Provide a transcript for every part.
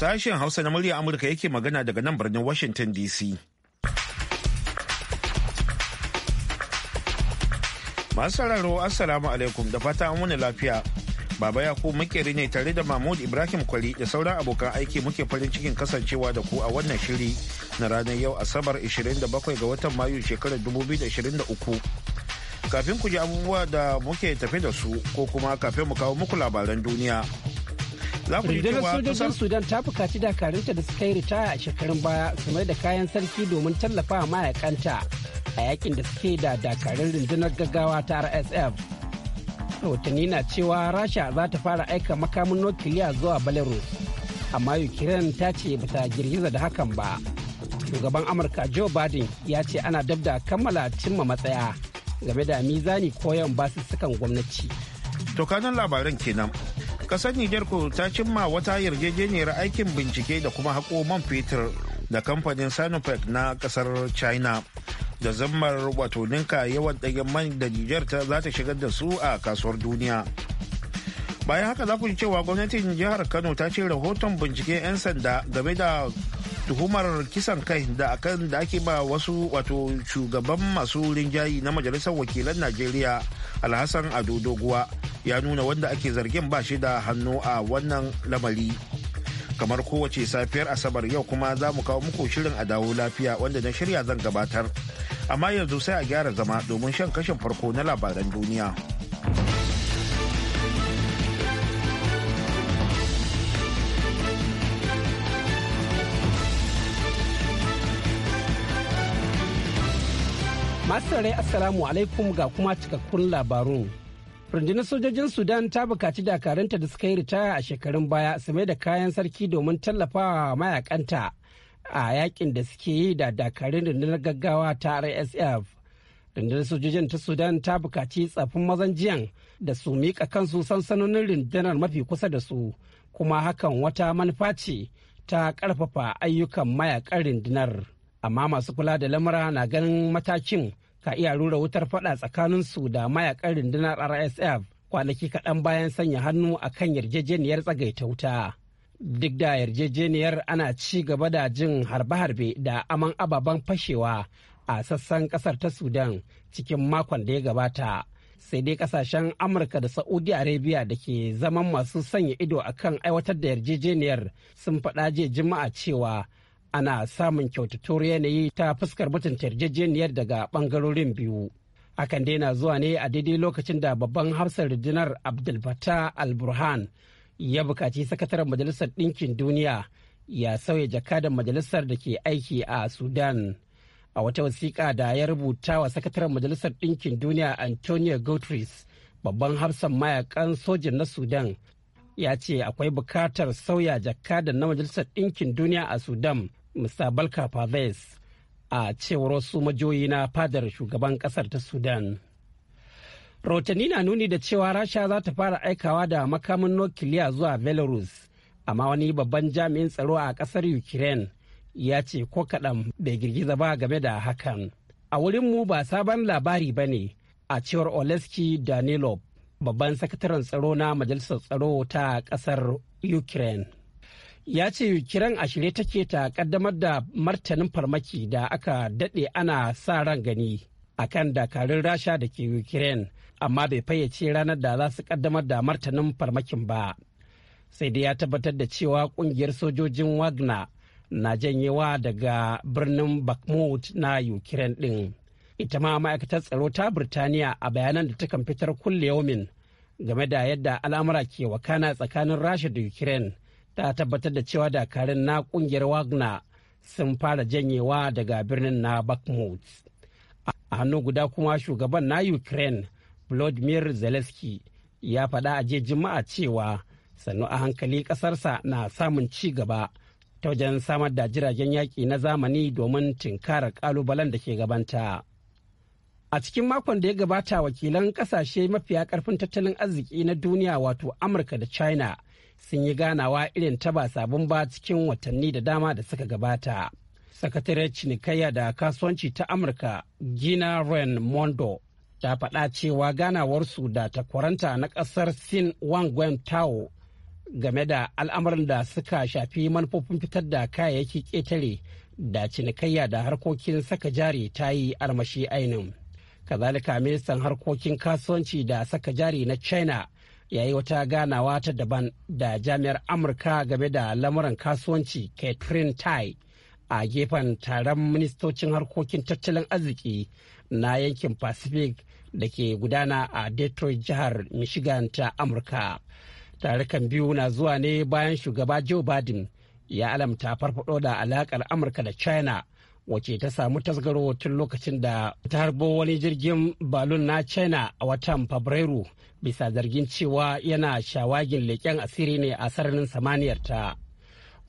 Sashen Hausa na murya Amurka yake magana daga nan birnin Washington DC. Masu sauraro Assalamu alaikum da fata an wani lafiya. Baba Yaku makeri ne tare da Mahmud Ibrahim Kwali da sauran abokan aiki muke farin cikin kasancewa da ku a wannan shiri na ranar yau Asabar 27 ga watan Mayu shekarar 2023. kafin ku ji abubuwa da muke tafi da su ko kuma kafin mu kawo muku labaran duniya za ku sudan ta bukaci dakarunta da suka yi ritaya a shekarun baya su mai da kayan sarki domin tallafa mayakanta a yakin da suke da dakarun rundunar gaggawa ta rsf rahotanni na cewa rasha za ta fara aika makamin nukiliya zuwa belarus amma ukraine ta ce ba ta girgiza da hakan ba shugaban amurka joe biden ya ce ana dab da kammala cimma matsaya game da mizani koyon basussukan gwamnati to kanan labaran kenan kasar niger ko ta cimma wata yarjejeniyar aikin bincike da kuma haƙo man fetur da kamfanin sinopec na kasar china da zammar wato ninka yawan ɗagen man da nijar ta za ta shigar da su a kasuwar duniya bayan haka za ku ji cewa gwamnatin jihar kano ta ce rahoton bincike 'yan sanda game da tuhumar kisan kai da akan da ake ba wasu wato shugaban masu rinjayi na majalisar wakilan najeriya alhassan ado doguwa ya nuna wanda ake zargin ba shi da hannu a wannan lamari kamar kowace safiyar asabar yau kuma za mu kawo muku shirin a dawo lafiya wanda na shirya zan gabatar amma yanzu sai a gyara zama domin shan kashin farko na labaran duniya masu rai assalamu alaikum ga kuma cikakkun labarun rundunar sojojin sudan ta bukaci dakaranta da suka yi ritaya a shekarun baya su mai da kayan sarki domin tallafawa mayakanta a yakin da suke yi da dakarun rundunar gaggawa ta rsf rundunar sojojin ta sudan ta bukaci tsafin mazan jiyan da su miƙa kansu sansanonin rundunar mafi kusa da su kuma hakan wata manufa ce ta ƙarfafa ayyukan mayakan rundunar amma masu kula da lamura na ganin matakin ka iya rura wutar fada tsakanin su da mayakan rundunar rsf kwanaki kaɗan bayan sanya hannu a kan yarjejeniyar tsagaita wuta duk da yarjejeniyar ana ci gaba da jin harbe-harbe da aman ababen fashewa a sassan ƙasar ta sudan cikin makon da ya gabata sai dai ƙasashen amurka da saudi arabia da ke zaman masu sanya ido a kan aiwatar da yarjejeniyar sun faɗa jiya juma'a cewa ana samun kyautatuwar yanayi ta fuskar mutunta yarjejeniyar daga bangarorin biyu hakan dai na zuwa ne a daidai lokacin da babban hafsar rundunar abdulfata alburhan ya bukaci sakataren majalisar ɗinkin duniya ya sauya jakadan majalisar da ke aiki a sudan a wata wasiƙa da ya rubuta wa sakataren majalisar ɗinkin duniya antonio gutris babban hafsan mayakan sojin na sudan ya ce akwai bukatar sauya jakadan na majalisar ɗinkin duniya a sudan Mr. Balka a cewar wasu majoyi na fadar shugaban kasar ta Sudan. Rotani na nuni da cewa Rasha za ta fara aikawa da makamin nukiliya zuwa Belarus, amma wani babban jami'in tsaro a kasar Ukraine ya ce ko kaɗan bai girgiza ba game da hakan. A wurinmu ba sabon labari ba ne, a cewar Oleski Danilov, babban sakataren tsaro na Majalisar Tsaro ta ƙasar Ukraine. ya ce kiran a shirye take ta kaddamar da martanin farmaki da aka daɗe ana sa ran gani a kan dakarun rasha da ke ukraine amma bai fayyace ranar da za su kaddamar da martanin farmakin ba sai dai ya tabbatar da cewa kungiyar sojojin wagner na janyewa daga birnin bakhmut na ukraine din ita ma ma'aikatar tsaro ta birtaniya a bayanan da takan fitar kulle yaumin game da yadda al'amura ke wakana tsakanin rasha da ukraine ta tabbatar da cewa dakarun na kungiyar wagner sun fara janyewa daga birnin na bakhmut a hannu guda kuma shugaban na ukraine vladimir zelensky ya faɗa a juma'a cewa sannu a hankali ƙasarsa na samun ci gaba ta wajen samar da jiragen yaƙi na zamani domin tinkarar ƙalubalen da ke gabanta a cikin makon da ya gabata wakilan ƙasashe mafiya ƙarfin tattalin arziki na duniya wato amurka da china sun yi ganawa irin ta ba sabon ba cikin watanni da dama da suka gabata. Sakatare cinikayya da kasuwanci ta Amurka Gina Ren Mondo ta faɗa cewa ganawarsu da takwaranta na ƙasar Sin Wang Tao game da al'amuran da suka shafi manufofin fitar da kayayyaki ƙetare da cinikayya da harkokin saka jari ta yi armashi ainin. Kazalika ministan harkokin kasuwanci da saka jari na China ya yi wata ganawa ta daban da jami'ar amurka game da lamuran kasuwanci catherine tai a gefen taron ministocin harkokin tattalin arziki na yankin pacific da ke gudana a detroit jihar michigan ta amurka tarukan biyu na zuwa ne bayan shugaba joe biden ya alamta farfado da alakar amurka da china wace ta samu tasgaro tun lokacin da ta harbo wani jirgin balon na china a watan fabrairu bisa zargin cewa yana shawagin leƙen asiri ne a sararin ta?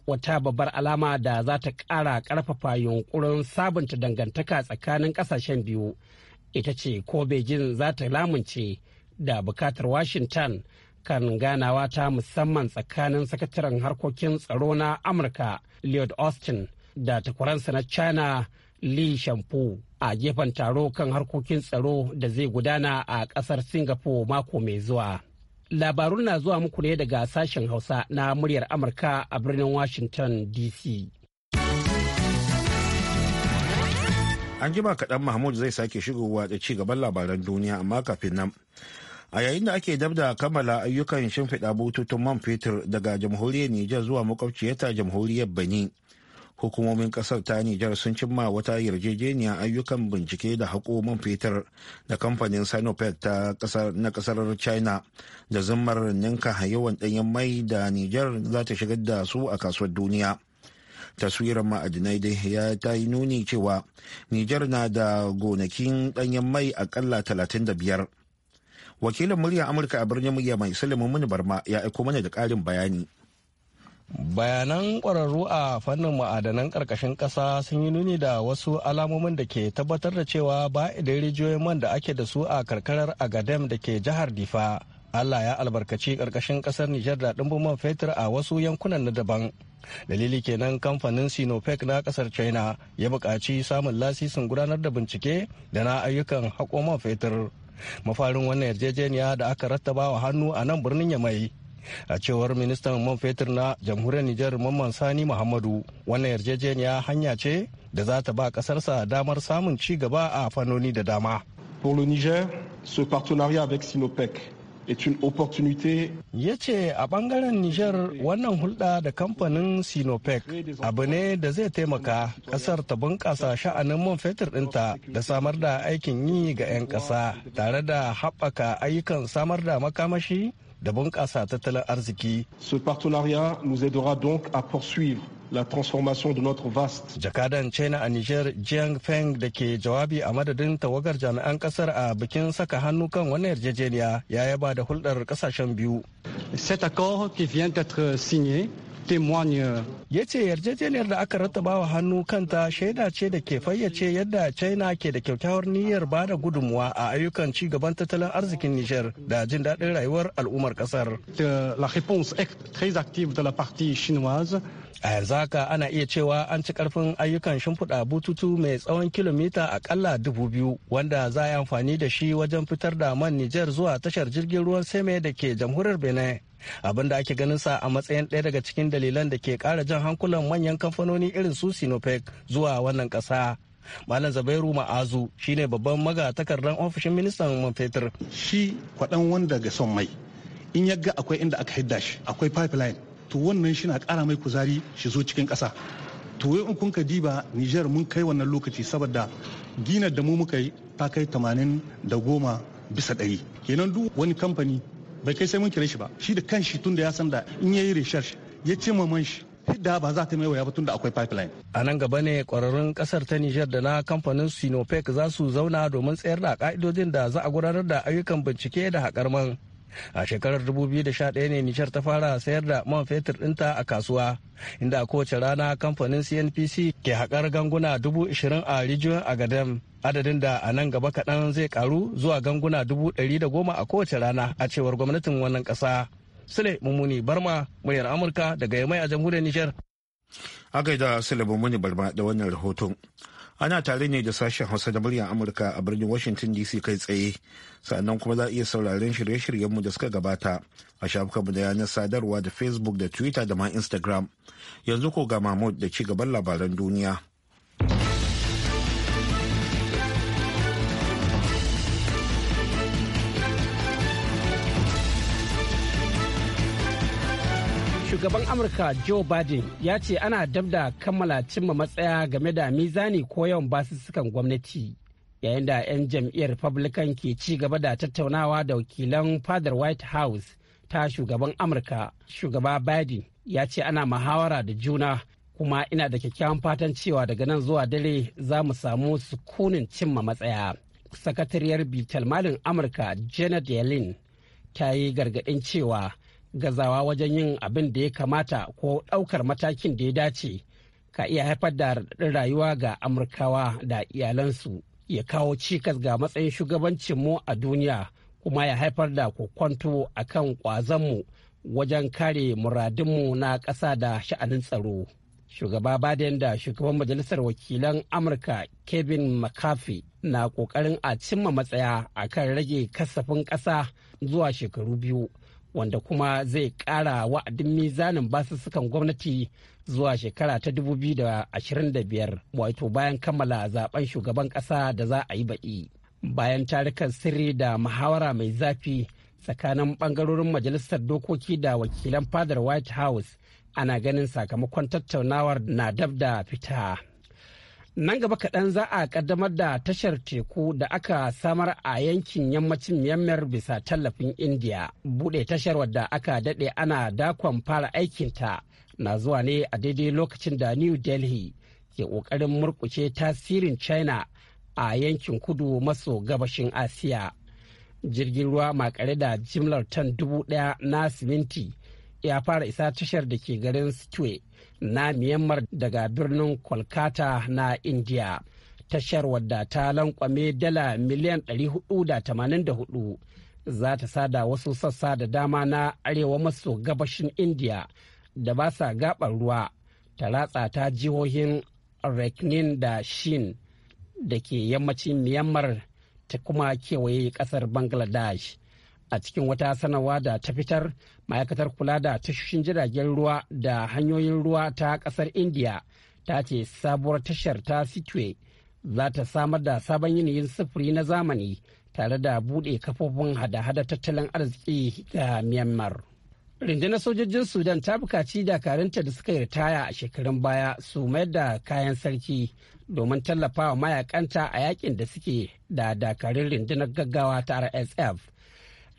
wata babbar alama da za ta ƙara ƙarfafa yunkurin sabunta dangantaka tsakanin ƙasashen biyu ita ce ko beijing za ta lamunce da bukatar washington kan ganawa ta musamman tsakanin sakataren harkokin tsaro na amurka lloyd austin da takwaransa na china li shampu a gefen taro kan harkokin tsaro da zai gudana a kasar singapore mako mai zuwa labarun na zuwa muku ne daga sashen hausa na muryar amurka a birnin washington dc an jima kaɗan mahmud zai sake shigowa da ci gaban labaran duniya amma kafin nan a yayin da ake dab da kammala ayyukan shimfiɗa bututun man fetur daga jamhuriyar Nijar zuwa makwabciyarta jamhuriyar Benin. hukumomin kasar ta nijar sun cimma wata yarjejeniyar ayyukan bincike da hakoman fetur da kamfanin sinopec ta na kasar china da zimmar ninka yawan ɗanyen mai da nijar za ta shigar da su a kasuwar duniya taswirar ma'adinai dai ya ta yi nuni cewa nijar na da gonakin ɗanyen mai akalla 35 wakilin muryar amurka a birnin murya mai silimin mini barma ya aiko mana da ƙarin bayani bayanan kwararru a fannin ma'adanan ƙarƙashin ƙasa sun yi nuni da wasu alamomin da ke tabbatar da cewa ba idan rijiyoyin man da ake da su a karkarar agadem da ke jihar difa allah ya albarkaci ƙarƙashin ƙasar nijar da ɗumbin man fetur a wasu yankunan na daban dalili kenan kamfanin sinopec na ƙasar china ya bukaci samun lasisin gudanar da bincike da na ayyukan haƙo man fetur mafarin wannan yarjejeniya da aka rattaba wa hannu a nan birnin yamai a cewar ministan man fetur na jamhuriyar nijar mamman sani muhammadu wannan yarjejeniya hanya ce da za ta ba kasarsa damar samun ci gaba a fannoni da dama pour le niger ce partenariat avec ya ce a bangaren niger wannan hulɗa da kamfanin sinopec abu ne da zai taimaka ƙasar ta bunƙasa sha'anin man fetur ɗinta da samar da aikin yi ga 'yan ƙasa tare da haɓaka ayyukan samar da makamashi da bunƙasa tattalin arziki. Ce partenariat nous aidera donc à poursuivre la transformation de notre vaste. Jakadan China a Niger Jiang Feng da ke jawabi a madadin tawagar jami'an kasar a bikin saka hannu kan wannan yarjejeniya ya yaba da hulɗar kasashen biyu. Cet accord qui vient d'être signé témoigne. Ya ce yarjejeniyar da aka rattabawa hannu kanta shaida ce da ke fayyace yadda China ke da kyakkyawar niyyar ba da gudunmuwa a ayyukan ci gaban tattalin arzikin niger da jin daɗin rayuwar al'ummar ƙasar. La réponse est a yanzu haka ana iya cewa an ci karfin ayyukan shimfiɗa bututu mai tsawon kilomita akalla dubu biyu wanda za a yi amfani da shi wajen fitar da man nijar zuwa tashar jirgin ruwan seme da ke jamhuriyar benin abin da ake ganin sa a matsayin ɗaya daga cikin dalilan da ke kara jan hankulan manyan kamfanoni irin su sinopec zuwa wannan ƙasa malam zabairu ma'azu shine babban magatakardan ofishin ministan man fetur shi kwaɗan wanda ga son mai in ya ga akwai inda aka hidda shi akwai pipeline to wannan shi na ƙara mai kuzari shi zo cikin ƙasa to in kun ka diba niger mun kai wannan lokaci saboda ginar da mu muka yi ta kai tamanin da goma bisa ɗari kenan duk wani kamfani bai kai sai mun kire shi ba shi da kanshi tun da ya san da in ya yi research ya ce man shi hidda ba za ta mai waya ba tun da akwai pipeline. A nan gaba ne kwararrun kasar ta niger da na kamfanin Sinopec za su zauna domin tsayar da ka'idodin da za a gudanar da ayyukan bincike da hakar man. A shekarar 2011 ne niger ta fara sayar da man fetur dinta a kasuwa, inda kowace rana kamfanin CNPC ke haƙar ganguna 20,000 a Rijiyar Agadem. adadin da a nan gaba kaɗan zai karu zuwa ganguna dubu ɗari da goma a kowace rana a cewar gwamnatin wannan ƙasa sule mummuni barma muryar amurka daga yamai a jamhuriyar nijar a gaida sule mummuni barma da wannan rahoton ana tare ne da sashen hausa da muryar amurka a birnin washington dc kai tsaye sannan kuma za a iya sauraren shirye-shiryenmu da suka gabata a shafukanmu da yanar sadarwa da facebook da twitter da ma instagram yanzu ko ga mahmud da ci gaban labaran duniya shugaban amurka joe biden ya ce ana dab da kammala cimma matsaya game da mizani ko yawan basussukan gwamnati yayin da 'yan jam'iyyar republican ke ci gaba da tattaunawa da wakilan fadar white house ta shugaban amurka shugaba biden ya ce ana muhawara da juna kuma ina da kyakkyawan fatan cewa daga nan zuwa dare za mu samu sukunin cimma matsaya sakatariyar bitalmalin amurka janet yellen ta yi gargaɗin cewa gazawa wajen yin abin da ya kamata ko ɗaukar matakin da ya dace ka iya haifar da raɗaɗin rayuwa ga amurkawa da iyalansu ya kawo cikas ga matsayin shugabancinmu a duniya kuma ya haifar da kokwanto a kan ƙwazonmu wajen kare muradinmu na ƙasa da sha'anin tsaro shugaba baden da shugaban majalisar wakilan amurka kevin mccarthy na ƙoƙarin a cimma matsaya a kan rage kasafin ƙasa zuwa shekaru biyu wanda kuma zai ƙara wa'adin mizanin basussukan gwamnati zuwa shekara ta 2025 wato bayan kammala zaben shugaban ƙasa da za a yi baɗi. Bayan tarukan sirri da muhawara mai zafi tsakanin ɓangarorin majalisar dokoki da wakilan fadar White House ana ganin sakamakon tattaunawar na dab da fita. nan gaba kaɗan za a ƙaddamar da tashar teku da aka samar a yankin yammacin myanmar bisa tallafin indiya buɗe tashar wadda aka daɗe ana dakon fara aikinta na zuwa ne a daidai lokacin da new delhi ke ƙoƙarin murƙuce tasirin china a yankin kudu maso gabashin asiya jirgin ruwa makare da jimlar tan dubu ɗaya na siminti ya fara isa tashar da ke garin stewart na Myanmar daga birnin Kolkata na India. Tashar wadda ta lankwame dala miliyan 484 za ta sada wasu sassa da dama na arewa maso gabashin India da ba sa gabar ruwa ta ratsa ta jihohin Reknin da Shin da ke yammacin Myanmar ta kuma kewaye kasar Bangladesh. a cikin wata sanarwa da ta fitar ma'aikatar kula da tashoshin jiragen ruwa da hanyoyin ruwa ta kasar india ta ce sabuwar tashar ta sitwe za ta samar da sabon yanayin sufuri na zamani tare da buɗe kafofin hada-hada tattalin arziki ga myanmar rundunar sojojin sudan ta bukaci dakarunta da suka yi ritaya a shekarun baya su mayar da kayan sarki domin tallafawa mayakanta a yakin da suke da dakarun rundunar gaggawa ta rsf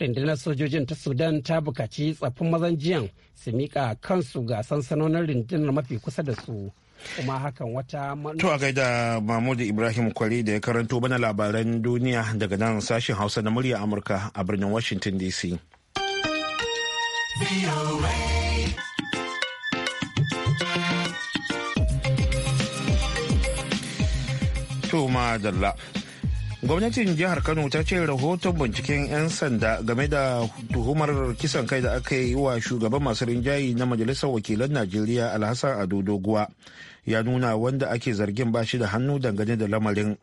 rundunar sojojin ta sudan ta bukaci tsaffin mazan jiyan su miƙa kansu ga sansanonin rundunar mafi kusa da su kuma hakan wata to a gaida mahmud ibrahim kwari da ya karanto bana labaran duniya daga nan sashen hausa na murya amurka a birnin washington dc to madalla gwamnatin jihar kano ta ce rahoton binciken 'yan sanda game da tuhumar kisan kai da aka yi wa shugaban masu rinjayi na majalisar wakilan najeriya alhassan ado doguwa ya nuna wanda ake zargin bashi da hannu dangane da lamarin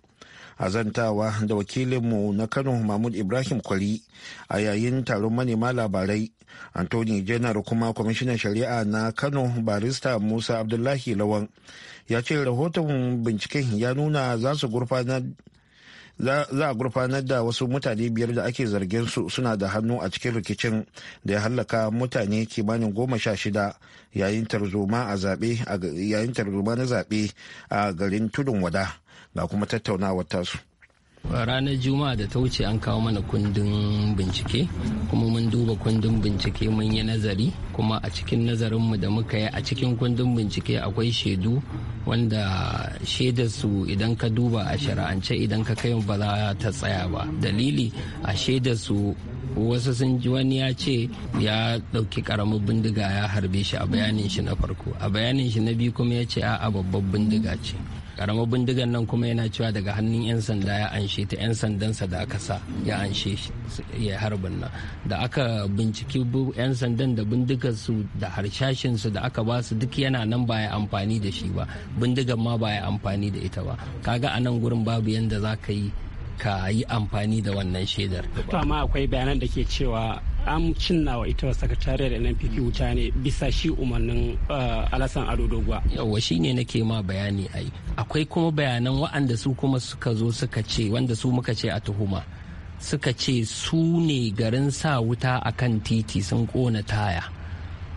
azantawa da wakilinmu na kano mahmud ibrahim kwari a yayin taron manema labarai anthony janar kuma kwamishinan shari'a na kano barista musa abdullahi lawan ya ce rahoton binciken ya nuna za su gurfanar za a gurfanar da wasu mutane biyar da ake zargin su suna da hannu a cikin rikicin da ya hallaka mutane kimanin goma sha shida yayin tarzoma a zabe tarzoma na zaɓe a garin tudun wada ga kuma tattaunawar tasu ranar juma'a da ta wuce an kawo mana kundin bincike kuma mun duba kundin bincike mun yi nazari kuma a cikin nazarinmu da muka yi a cikin kundin bincike akwai shaidu wanda su idan ka duba a shari'ance idan ka kai ba za ta tsaya ba dalili a su wasu sun ji wani ya ce ya ɗauki karamin bindiga ya harbe shi a bayanin shi na farko a bayanin shi na biyu kuma ya ce a babbar bindiga ce karamar bindigan nan kuma yana cewa daga hannun 'yan sanda ya anshe ta 'yan sandansa da aka sa ya anshe ya harbin nan da aka binciki 'yan sandan da su da su da aka ba su duk yana nan ba ya amfani da shi ba bindigan ma ba ya amfani da ita ba kaga a nan gurin babu yadda za ka yi ka yi amfani da wannan shaidar. To akwai bayanan da ke cewa an cinnawa ita sakatariyar NNPP wuta ne bisa shi umarnin uh, alasan ado doguwa shi shine nake ma bayani yi. akwai kuma bayanan wa'anda su kuma suka zo suka ce wanda su muka ce a tuhuma suka ce su ne garin sa wuta akan titi sun kona taya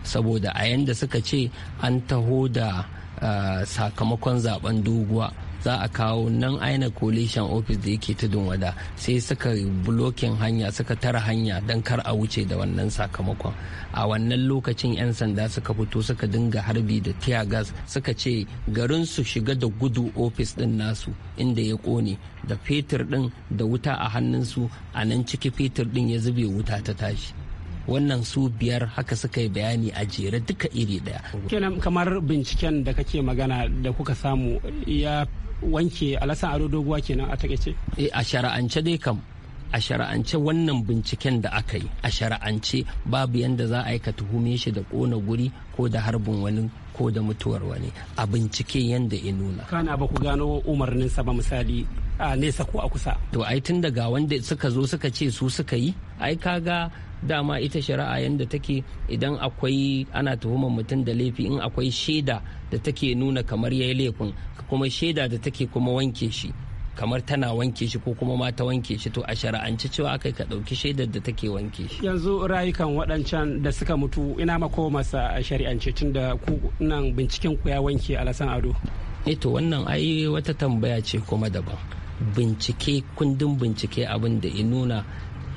saboda a yanda suka ce an taho da uh, sakamakon zaben doguwa za a kawo nan aina coalition office da yake tudun wada sai suka blokin hanya suka tara hanya don kar a wuce da wannan sakamakon a wannan lokacin 'yan sanda suka fito suka dinga harbi da tear gas suka ce garin su shiga da gudu office din nasu inda ya kone da fetur din da wuta a hannunsu a nan ciki fetur din ya zube wuta ta tashi wannan su biyar haka suka yi bayani a jere duka iri daya kenan kamar binciken da kake magana da kuka samu ya wanke alasan ado doguwa kenan a takaice eh, a shara'ance dai kam a shara'ance wannan binciken da aka yi a shara'ance babu yadda za a yi ka tuhume shi da kona guri ko da harbin wani ko da mutuwar wani a binciken yadda ya nuna kana ba ku gano umarninsa ba misali a nesa ko a kusa to ai tun daga wanda suka zo suka ce su suka yi ai kaga dama ita shari'a yadda take idan akwai ana tuhumar mutum da laifi in akwai shaida da take nuna kamar ya yi laifin kuma shaida da take kuma wanke shi kamar tana wanke shi ko kuma ma ta wanke shi to a shari'ance cewa aka ka ɗauki shaidar da take wanke shi yanzu rayukan waɗancan da suka mutu ina mako masa a shari'ance tun da ku nan binciken ku ya wanke alasan ado eto eh wannan ai wata tambaya ce kuma daban bincike kundin bincike abin da ya nuna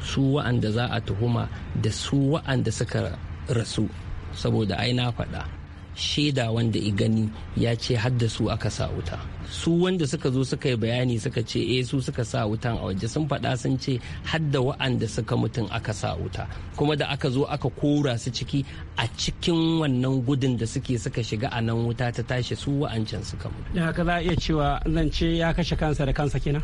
su wa'anda za a tuhuma da su wa'anda suka rasu saboda ai na faɗa shaida wanda i gani ya ce hadda su aka sa wuta su wanda suka zo suka yi bayani suka ce eh su suka sa wutan a waje sun faɗa sun ce hadda wa'anda suka mutum aka sa wuta kuma da aka zo aka kora su ciki a cikin wannan gudun da suke suka shiga a nan wuta ta tashi su wa'ancan suka mutu. Da haka za a iya cewa zance ya kashe kansa da kansa kina.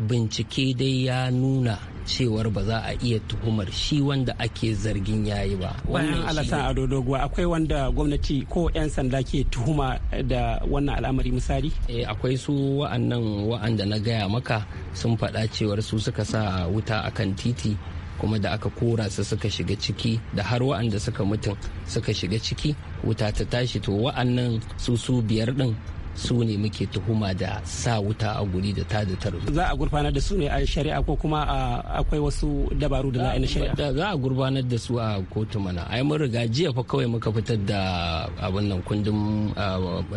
bincike dai ya nuna cewar ba za a iya tuhumar shi wanda ake zargin yayi ba bayan alasa a dodoguwa akwai wanda gwamnati ko 'yan sanda ke tuhuma da wannan al'amari misali e, akwai su wa'annan wa'anda na gaya maka sun faɗa cewar su suka sa wuta a kan titi kuma da aka kora su suka shiga ciki da har wa'anda suka mutum suka shiga ciki wuta ta tashi to wa'annan su su biyar ɗin. su ne muke tuhuma da sa wuta a guri da tada tarzo. Za a gurfanar da su ne a shari'a ko kuma akwai wasu dabaru da na shari'a? Za a gurfanar da su a kotu mana. Ai mun riga jiya fa kawai muka fitar da abin nan kundin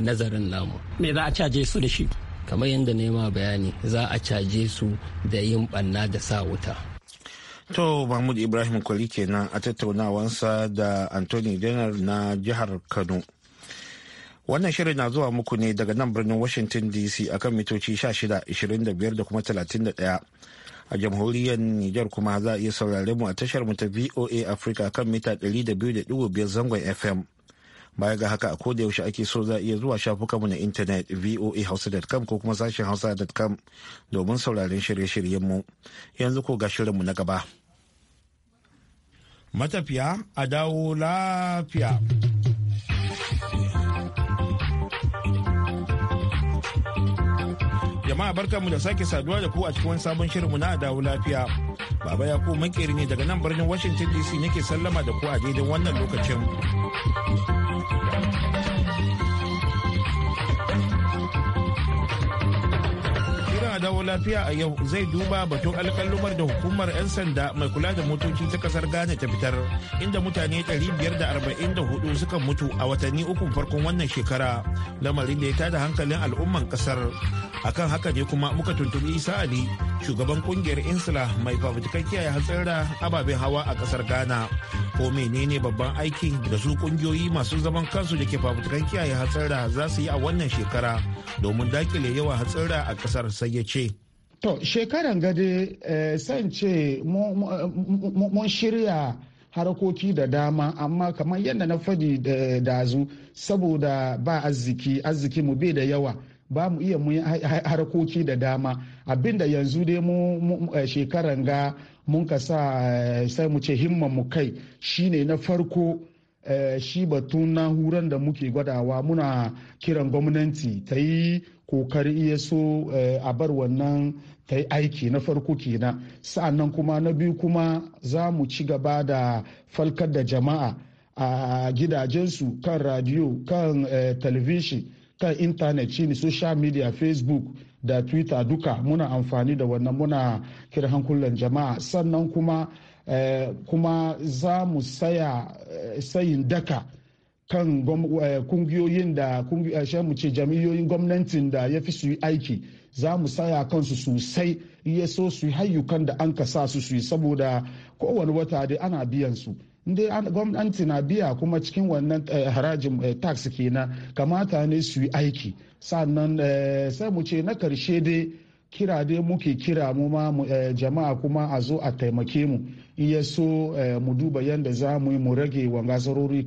nazarin namu. Me za a caje su da shi? Kamar yadda ma bayani za a caje su da yin banna da sa wuta. To Mahmud Ibrahim Kwali kenan a tattaunawansa da Anthony Denner na jihar Kano. Wannan shirin na zuwa muku ne daga nan birnin Washington DC akan mitoci 16, 25 da kuma 31. a jamhuriyar Nijar kuma za a iya saurare mu a tashar mu ta VOA Africa kan mita 200.5 zangon FM. Baya ga haka a koda yaushe ake so za a iya zuwa shafukanmu na intanet voa hausa.com ko kuma sashen hausa.com domin sauraren shirye-shiryen mu. Yanzu ko ga shirinmu na gaba. Matafiya a dawo lafiya. Jama'a barkanmu da sake saduwa da ku a cikin sabon shirinmu na dawo lafiya. Baba ya ku makeri ne daga nan birnin Washington DC nake sallama da ku a daidai wannan lokacin. dawo lafiya a yau zai duba batun alkalumar da hukumar 'yan sanda mai kula da motoci ta kasar ghana ta fitar inda mutane 544 suka mutu a watanni ukun farkon wannan shekara lamarin da ya tada hankalin al'umman kasar akan haka ne kuma muka tuntubi isa ali shugaban kungiyar insula mai fafutukan kiyaye hatsara ababen hawa a kasar ghana ko menene babban aiki da su kungiyoyi masu zaman kansu da ke fafutukan kiyaye hatsara za su yi a wannan shekara domin dakile yawan hatsira a kasar sai ya ce to shekaran gade eh, san ce mun shirya harkoki da dama amma kamar yadda na fadi da dazu saboda ba arziki arziki mu bai da yawa ba mu iya mun harkoki da dama abinda yanzu dai mu eh, shekaran ga mun ka sa eh, sai mu ce himman mu kai shine na farko eh, shi batun huran da muke gwadawa muna kiran gwamnati ta yi kokari iya so a bar wannan ta yi aiki na farko kenan sa'annan kuma na biyu kuma za mu ci gaba da falkar da jama'a a gidajensu kan radiyo kan talabishin kan intanet shine social media facebook da twitter duka muna amfani da wannan muna kira hankulan jama'a sannan kuma eh, kuma za mu saya eh, sayin daka kan da eh, kungiyoyin da mu ce jami'oyin gwamnatin da ya fi su yi aiki za mu saya kansu sosai iya so su yi hayyukan da an ka sa su su yi saboda kowane wata dai ana biyan su dai gwamnati na biya kuma cikin wannan eh, harajin eh, tax kenan kamata ne su yi aiki sannan eh, sai mu ce na karshe dai kira dai muke kira mu ma jama'a kuma a zo a taimake mu iya so mu duba yadda za mu yi mu rage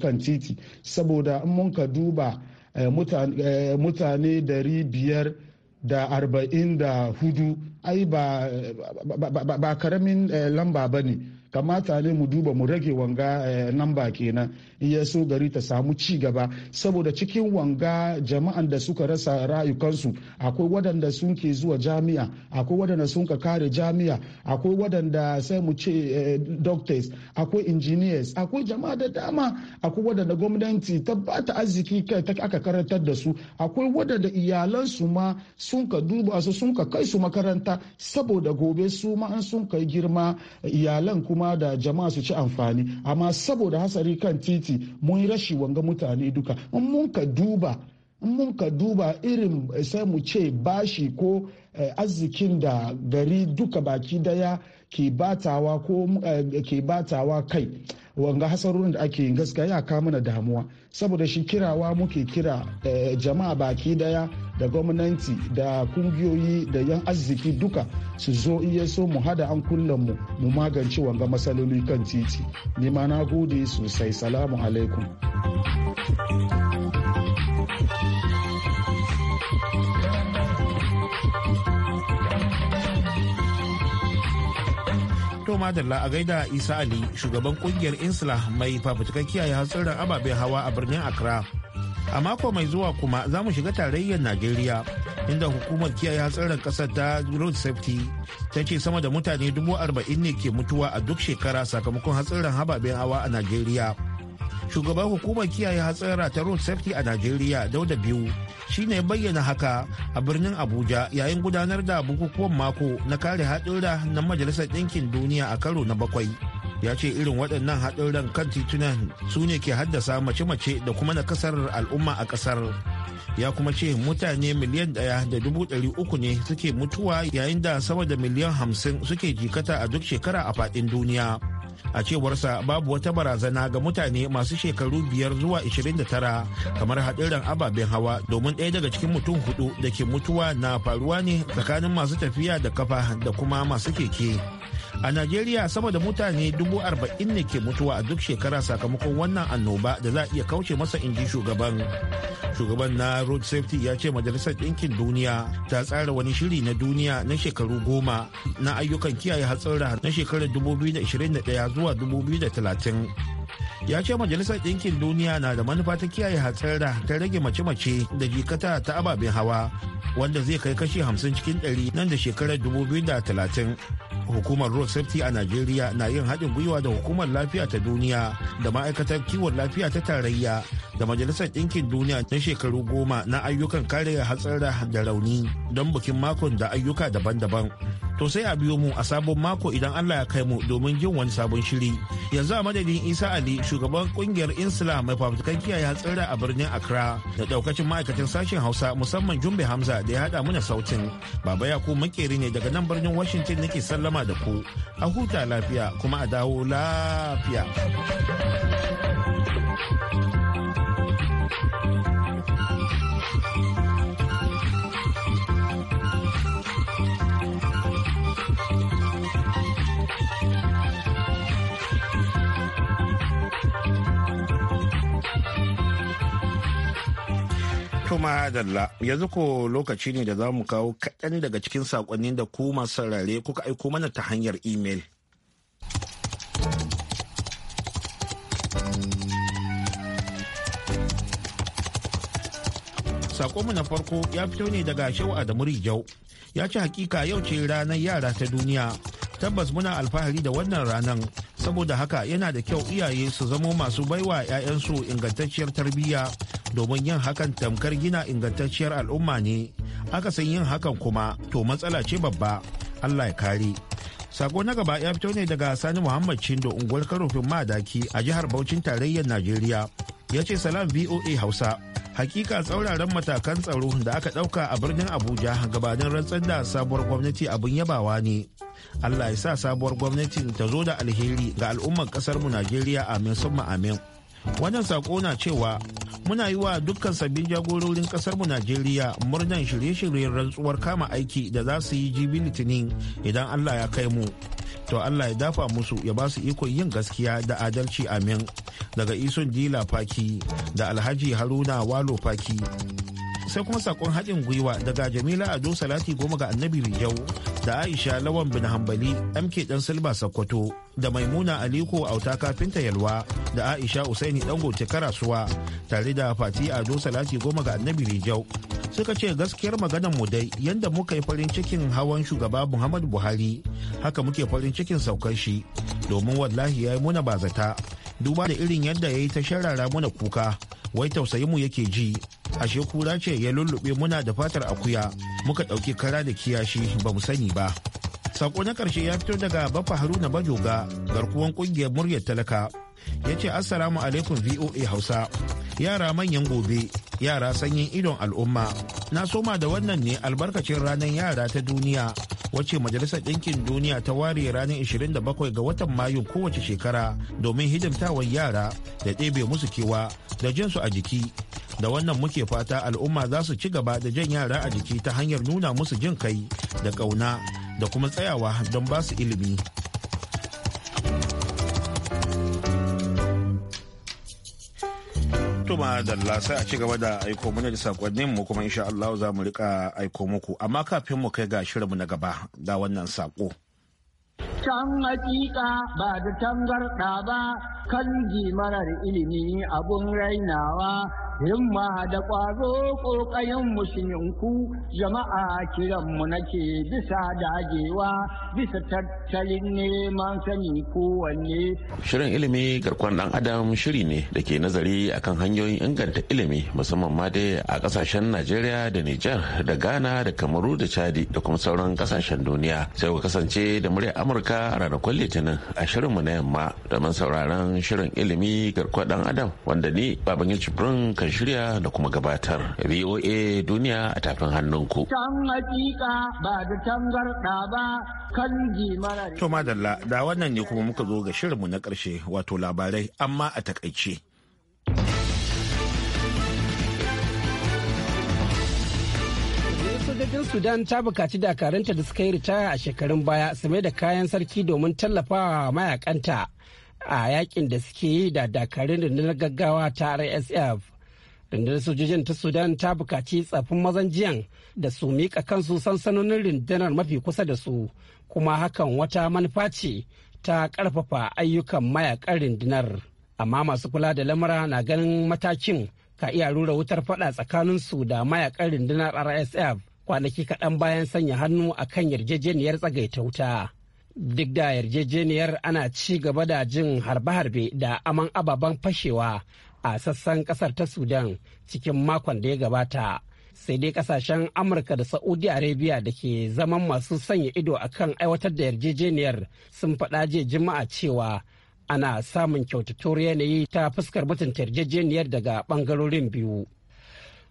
kan titi saboda in mun ka duba mutane dari biyar da arba'in da hudu ai ba karamin lamba ba ne kamata ne mu duba mu rage wanga eh, namba kenan ya so gari ta samu ci gaba saboda cikin wanga jama'an da suka rasa rayukansu akwai wadanda sun ke zuwa jami'a akwai wadanda sun ka kare jami'a akwai wadanda sai mu ce eh, doctors akwai engineers akwai jama'a da dama akwai wadanda gwamnati ta ba ta arziki kai ta aka karantar da su akwai wadanda iyalansu ma sun ka duba su sun ka kai su makaranta saboda gobe su ma an sun kai girma iyalan kuma da jama'a su ci amfani amma saboda hasari kan titi gwamnati mun rashi wanga mutane duka in mun ka duba in mun ka duba irin eh, sai mu ce bashi ko Eh, arzikin da gari duka baki daya ke batawa eh, batawa kai wanga hasarorin da ake gaskiya ya kama na damuwa saboda shi kirawa muke kira eh, jama'a baki daya da gwamnati da kungiyoyi da yan arziki duka su zo iya so mu hada an kullum mu mu magance wanga matsaloli kan titi ni ma na gode sosai salamu alaikum To Dalla a gaida Isa Ali shugaban kungiyar Insula mai fafutukar kiyaye hatsarin ababen hawa a birnin Accra. A mako mai zuwa kuma za mu shiga tarayyar Najeriya inda hukumar kiyaye hatsarin kasar ta Road Safety ta ce sama da mutane dubu arba'in ne ke mutuwa a duk shekara sakamakon hatsarin ababen hawa a Najeriya. shugaban hukumar kiyaye hatsara ta road safety a najeriya dauda biyu shine bayyana haka a birnin abuja yayin gudanar da bukukuwan mako na kare haɗura na majalisar ɗinkin duniya a karo na bakwai ya ce irin waɗannan haɗuran kan titunan su ne ke haddasa mace-mace da kuma na kasar al'umma a ƙasar ya kuma ce mutane miliyan ɗaya da dubu ɗari uku ne suke mutuwa yayin da sama da miliyan hamsin suke jikata a duk shekara a faɗin duniya a cewarsa babu wata barazana ga mutane masu shekaru biyar zuwa 29 kamar haɗiran ababen hawa domin ɗaya daga cikin mutum hudu da ke mutuwa na faruwa ne tsakanin masu tafiya da kafa da kuma masu keke a najeriya sama da mutane dubu arba'in ne ke mutuwa a duk shekara sakamakon wannan annoba da za a iya kauce masa inji shugaban shugaban na road safety ya ce majalisar ɗinkin duniya ta tsara wani shiri na duniya na shekaru goma na ayyukan kiyaye hatsara na shekarar 2021 zuwa talatin. ya ce majalisar ɗinkin duniya na da manufa ta kiyaye hatsara ta rage mace-mace da jikata ta ababen hawa wanda zai kai kashi 50 cikin 100 nan da shekarar 2030 hukumar road safety a najeriya na yin haɗin gwiwa da hukumar lafiya ta duniya da ma'aikatar kiwon lafiya ta tarayya da majalisar ɗinkin duniya na shekaru goma na ayyukan kare hatsara da rauni don bikin makon da ayyuka daban-daban to sai a biyo mu a sabon mako idan allah ya kai mu domin jin wani sabon shiri yanzu a madadin isa ali shugaban kungiyar insula mai fafutukan kiyaye hatsari a birnin accra da daukacin ma'aikacin sashen hausa musamman jumbe hamza da ya hada mana sautin baba yaku makeri ne daga nan birnin washington nake sallama da ku a huta lafiya kuma a dawo lafiya madalla yanzu ko lokaci ne da za mu kawo kaɗan daga cikin saƙonnin da ku masu saurare kuka aiko mana ta hanyar imel. Sakonmu na farko ya fito ne daga Shehu Adamu Rijau. Ya ce hakika yau ce ranar yara ta duniya. Tabbas muna alfahari da wannan ranar saboda haka yana da kyau iyaye su zamo masu baiwa 'ya'yansu ingantacciyar tarbiyya domin yin hakan tamkar gina ingantacciyar al'umma ne aka san yin hakan kuma to matsala ce babba allah ya kare sako na gaba ya fito ne daga sani muhammad chindo unguwar karofin madaki a jihar Bauchin tarayyar najeriya ya ce salam voa hausa hakika tsauraran matakan tsaro da aka dauka a birnin abuja gabanin rantsar da sabuwar gwamnati abin yabawa ne Allah ya sa sabuwar gwamnati ta zo da alheri ga al'ummar kasar mu Najeriya amin summa amin. Wannan sako na cewa muna yi wa dukkan sabbin jagororin kasar mu Najeriya murnan shirye-shiryen rantsuwar kama aiki da za su yi jibi litinin idan Allah ya kai mu. to Allah ya dafa musu ya ba su ikon yin gaskiya da adalci amin daga isun dila faki da alhaji haruna walo faki sai kuma sakon haɗin gwiwa daga jamila ado salati goma ga annabi rijau da aisha lawan bin hambali mk dan silba sakkwato da maimuna aliko auta kafinta yalwa da aisha usaini dangote karasuwa tare da fati ado salati goma ga annabi rijau suka ce gaskiyar maganar mu dai yadda muka yi farin cikin hawan shugaba muhammadu buhari haka muke farin cikin saukar shi domin wallahi ya yi muna bazata duba da irin yadda ya yi ta sharara muna kuka wai tausayin mu yake ji ashe kura ce ya lullube muna da fatar akuya muka ɗauki kara da kiyashi ba mu sani ba sako na ƙarshe ya fito daga bafa haruna bajoga garkuwan ƙungiyar muryar talaka ya ce assalamu alaikum voa hausa yara manyan gobe yara sanyin idon al'umma na soma da wannan ne albarkacin ranar yara ta duniya wacce majalisar ɗinkin duniya ta ware ranar 27 ga watan mayu kowace shekara domin hidimtawar yara da ɗebe musu kewa da jinsu a jiki da wannan muke fata al'umma za su ci gaba da jan yara a jiki ta hanyar nuna musu jin kai da ƙauna da kuma tsayawa don ba su ilimi kuma da lasa a ci gaba da aiko mana da sakonnin mu kuma insha Allah za mu rika aiko muku amma kafin mu kai ga mu na gaba da wannan sako Can hakika ba da tangarɗa ba kan marar ilimi abun rainawa himma da ƙwazo ƙayan musulminku jama'a kiranmu nake bisa dagewa bisa tattalin neman sani kowanne. Shirin ilimi garkon ɗan adam shiri ne da ke nazari akan hanyoyin inganta ilimi musamman ma dai a ƙasashen Najeriya da Nijar da Ghana da Kamaru da Chadi da kuma sauran ƙasashen duniya. Sai ku kasance da muryar Amurka a ranakun Litinin a shirin mu na yamma domin sauraron shirin ilimi garkon ɗan adam wanda ni Babangida Jibrin ka kan shirya da kuma gabatar voa duniya a tafin hannunku can ba da ba to madalla da wannan ne kuma muka zo ga shirinmu na karshe wato labarai amma a takaice sojojin sudan ta bukaci dakaranta da suka yi ritaya a shekarun baya su mai da kayan sarki domin tallafawa mayakanta a yakin da suke yi da dakarun da na gaggawa ta rsf rundunar sojojin ta sudan ta bukaci tsafin mazan jiyan da su miƙa kansu sansanonin rundunar mafi kusa da su kuma hakan wata manufa ce ta ƙarfafa ayyukan mayakan rundunar amma masu kula da lamura na ganin matakin ka iya rura wutar faɗa su da mayakan rundunar rsf kwanaki kaɗan bayan sanya hannu a kan yarjejeniyar tsagaita wuta duk da yarjejeniyar ana ci gaba da jin harbe-harbe da aman ababen fashewa a sassan kasar ta Sudan cikin makon da ya gabata. Sai dai kasashen Amurka da Saudi Arabia da ke zaman masu sanya ido a kan aiwatar da yarjejeniyar sun faɗa jiya Juma'a cewa ana samun kyautatuwar yanayi ta fuskar mutunta yarjejeniyar daga ɓangarorin biyu.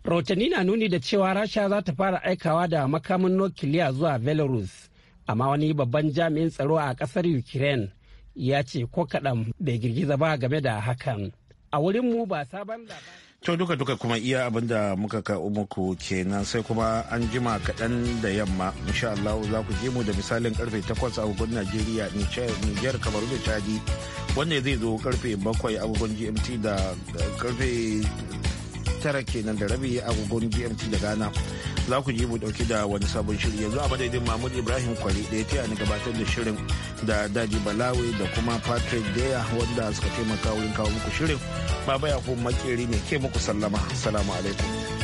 rahotanni na nuni da cewa rasha za ta fara aikawa da makamin nukiliya zuwa belarus amma wani babban jami'in tsaro a ƙasar ukraine ya ce ko kaɗan bai girgiza ba game da hakan a wurin mu ba sabon to duka duka kuma iya abin da muka kawo muku kenan sai kuma an jima kaɗan da yamma insha Allah za ku je mu da misalin karfe 8 gudun Najeriya Nijar kamar da Chadi wanda zai zo karfe 7 agogon GMT da karfe tara kenan da rabi agogon gmt da ghana za ku ji mu dauki da wani sabon shirin yanzu a madadin mahmud ibrahim kwari da ya taya ni gabatar da shirin da daji balawi da kuma patrick daya wanda suka taimaka wurin kawo muku shirin baba ya makeri ne ke muku sallama assalamu alaikum